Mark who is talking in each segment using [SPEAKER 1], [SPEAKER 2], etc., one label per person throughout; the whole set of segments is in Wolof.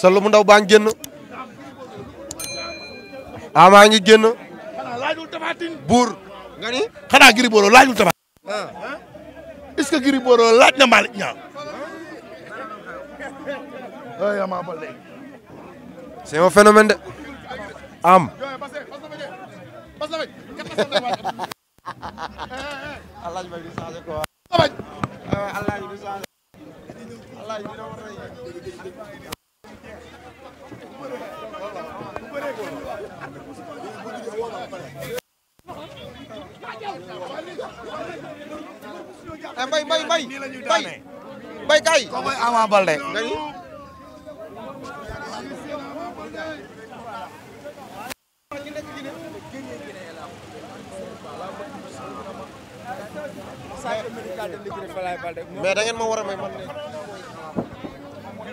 [SPEAKER 1] sa lu mu ndaw baa ngi génn amaa ah, ngi génn buur nga ni xanaa Gris Bordeaux laajul tabaat ah. est-ce que Gris laaj na Malick Niang ah. ay Ama Baldé c'est un phénomène mbay mbay mbay mbay mbay kay. kooku mooy Ama Baldé. mais da ngeen ma war a may man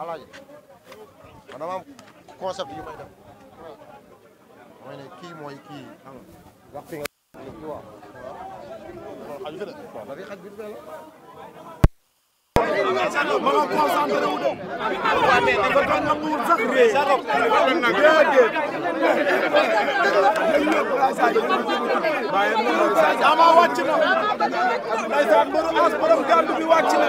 [SPEAKER 1] alaaji man dama am concept yu may def mooy ne kii mooy kii xam nga wax fi nga kii waaw xaj bi de waaw dafay xaj bi de la ma concentré wu de waaw mais dafa doon nanguwul sax ree déedéet ama wàcc na ndeysaan borom as borom gàddu bi wàcc na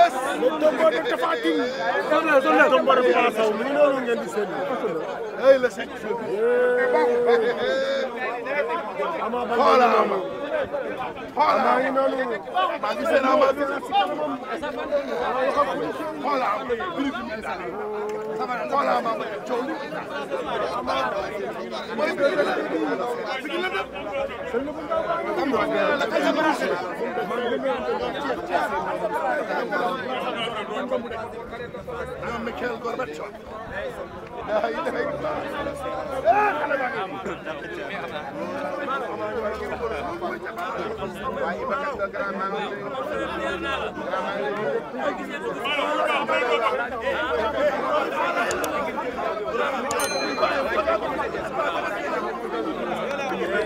[SPEAKER 1] yes Tombo de Tapha Tine sonne sonne Tombo de Papa Sow mu ngi noonu ngeen di seen ay la sec ama ba xool ama xool ama ngi noonu maa ngi seen ama xool ama xool ama coow mooy عم ميكيل غورباتشو لا اله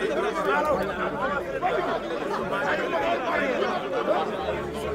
[SPEAKER 1] الا الله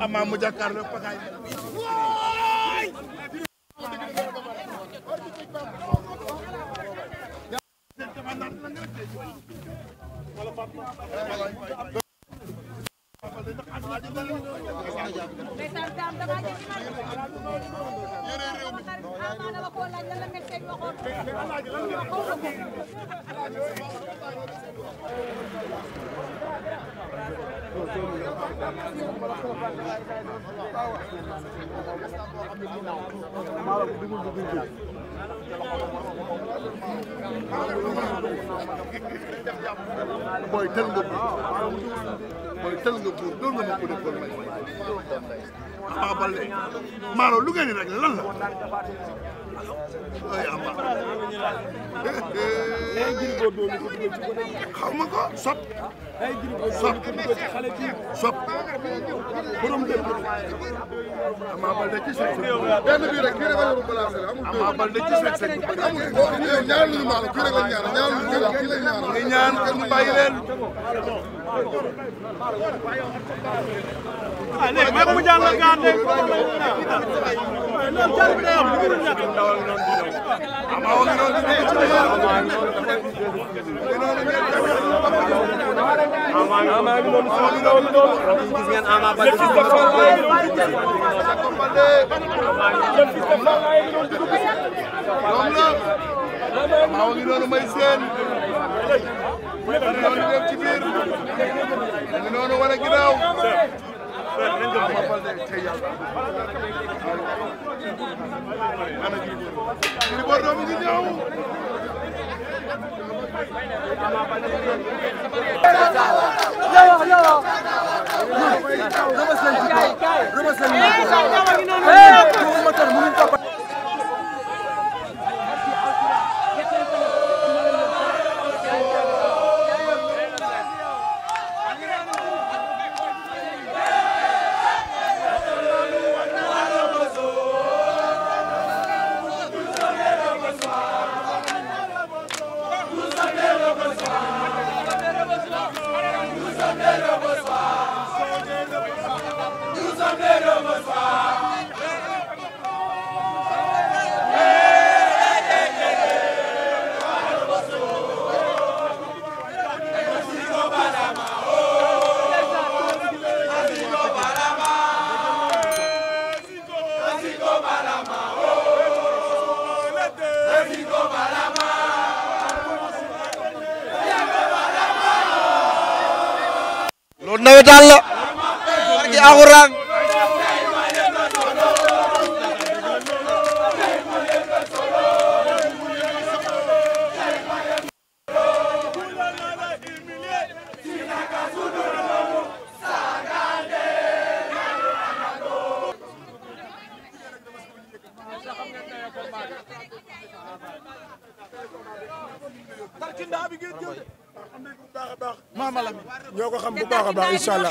[SPEAKER 1] Ama mu jàkkaarloo Pakay booy tël nga booy tël nga buur doon nga ma xaw ma ko sop. sop sop. borom dëkk Ama Baldé ci sec benn bi rek kii rek la placé amul Ama Baldé ci sec sec amul ñaan ñu maal kii rek la ñaan ñaan ñu ñaan ñu bàyyi leen waaw léegi même bu jàll nga ànd loolu jàll bi day am lu mu ñàkk. waaw waaw loolu day am lu mu ñàkk. waaw waaw noonu dem ci biir ñu noonu wala ginnaaw Ama Baldé tey yàlla ana Gris Bordeaux mi ngi alxuraan ñoo ko xam bu baax a baax incha allah